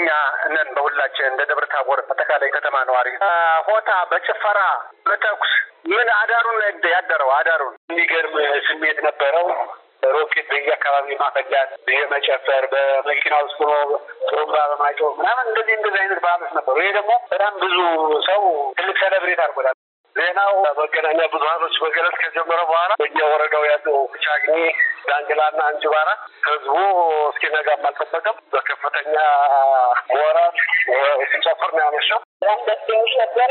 እኛ ነን በሁላችን እንደ ደብረ ታቦር አጠቃላይ ከተማ ነዋሪ ሆታ በጭፈራ በተኩስ ምን አዳሩን ያደረው አዳሩን የሚገርም ስሜት ነበረው። ሮኬት በየአካባቢ ማፈጃት፣ የመጨፈር በመኪና ውስጥ ሆኖ ጥሩምባ በማጮ ምናምን እንደዚህ እንደዚህ አይነት በዓሎች ነበሩ። ይሄ ደግሞ በጣም ብዙ ሰው ትልቅ ሰለብሬት አድርጎታል። ሌላው መገናኛ ብዙሀኖች መገለጽ ከጀመረ በኋላ በየ ወረዳው ያለው ቻግኒ፣ ና እንጅባራ ህዝቡ እስኪነጋ አልጠበቀም። በከፍተኛ ወራት ሲጨፍር ነው ያመሸው። ነበር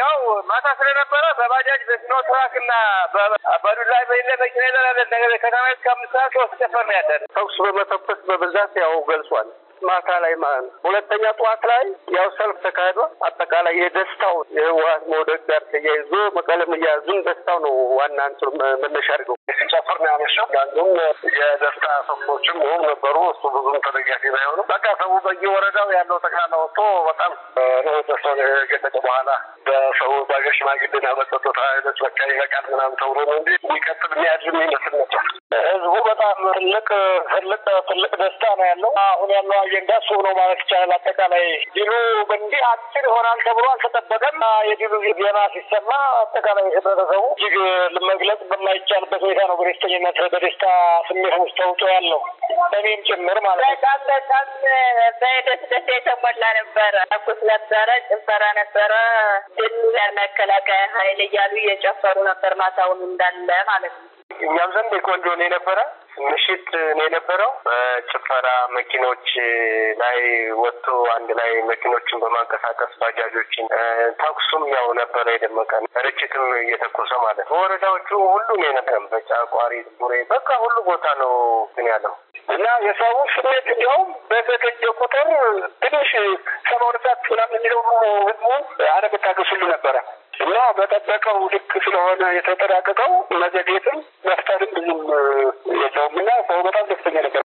ያው ማታ ስለነበረ በባጃጅ በስኖ ትራክ እና በዱላ በሌለ መኪና ይዘናለን። ነገር ከተማ እስከ አምስት ሰዓት ሶስት ጨፈር ነው ያለን። ተኩስ በመተኮስ በብዛት ያው ገልጿል። ማታ ላይ ማለት ነው። ሁለተኛ ጠዋት ላይ ያው ሰልፍ ተካሂዶ አጠቃላይ የደስታው የህወሀት መውደቅ ጋር ተያይዞ መቀለም እያያዙን ደስታው ነው ዋና አንቱ መነሻ አድርገው ሲጨፍር ነው ያመሸው። ያንዱም የደስታ ሰዎችም ሁም ነበሩ። እሱ ብዙም ተደጋፊ ባይሆንም በቃ ሰው በየወረዳው ያለው ጠቅላላ ወጥቶ በጣም ነው ደስታው የገለጠ። በኋላ በሰው በሀገር ሽማግሌን ያመጠጡት ኃይሎች በቃ ይበቃል ምናምን ተብሎ ነው እንጂ የሚቀጥል የሚያድር የሚመስል ነበር። ህዝቡ በጣም ትልቅ ትልቅ ትልቅ ደስታ ነው ያለው። አሁን ያለው አጀንዳ እሱ ነው ማለት ይቻላል። አጠቃላይ ዲሉ በእንዲህ አጭር ይሆናል ተብሎ አልተጠበቀም። የዲሉ ዜና ሲሰማ አጠቃላይ ህብረተሰቡ እጅግ መግለጽ በማይቻልበት ሁኔታ ሁኔታ ነው በደስተኝነት በደስታ ስሜት ውስጥ ተውጦ ያለው እኔም ጭምር ማለት ነው። በጣም በጣም በደስ ደስ የተሞላ ነበረ። አኩስ ነበረ፣ ጭፈራ ነበረ። ድል መከላከያ ኃይል እያሉ እየጨፈሩ ነበር ማታውን እንዳለ ማለት ነው። እኛም ዘንድ ቆንጆ ነው የነበረ ምሽት ነው የነበረው። በጭፈራ መኪኖች ላይ ወጥቶ አንድ ላይ መኪኖችን በማንቀሳቀስ ባጃጆችን፣ ተኩሱም ያው ነበረ የደመቀ ርችትም እየተኮሰ ማለት ነው። በወረዳዎቹ ሁሉ ነው የነበረም በጫቋሪ ቡሬ፣ በቃ ሁሉ ቦታ ነው ግን ያለው እና የሰው ስሜት እንዲያውም በተገኘ ቁጥር ትንሽ ሰባ ሁለት ሰዓት ምናምን የሚለው ህዝቡ አለመታገስ ሁሉ ነበረ እና በጠበቀው ልክ ስለሆነ የተጠናቀቀው መዘግየትም መፍጠርም ብዙም ሰውም እና ሰው በጣም ደስተኛ ነበር።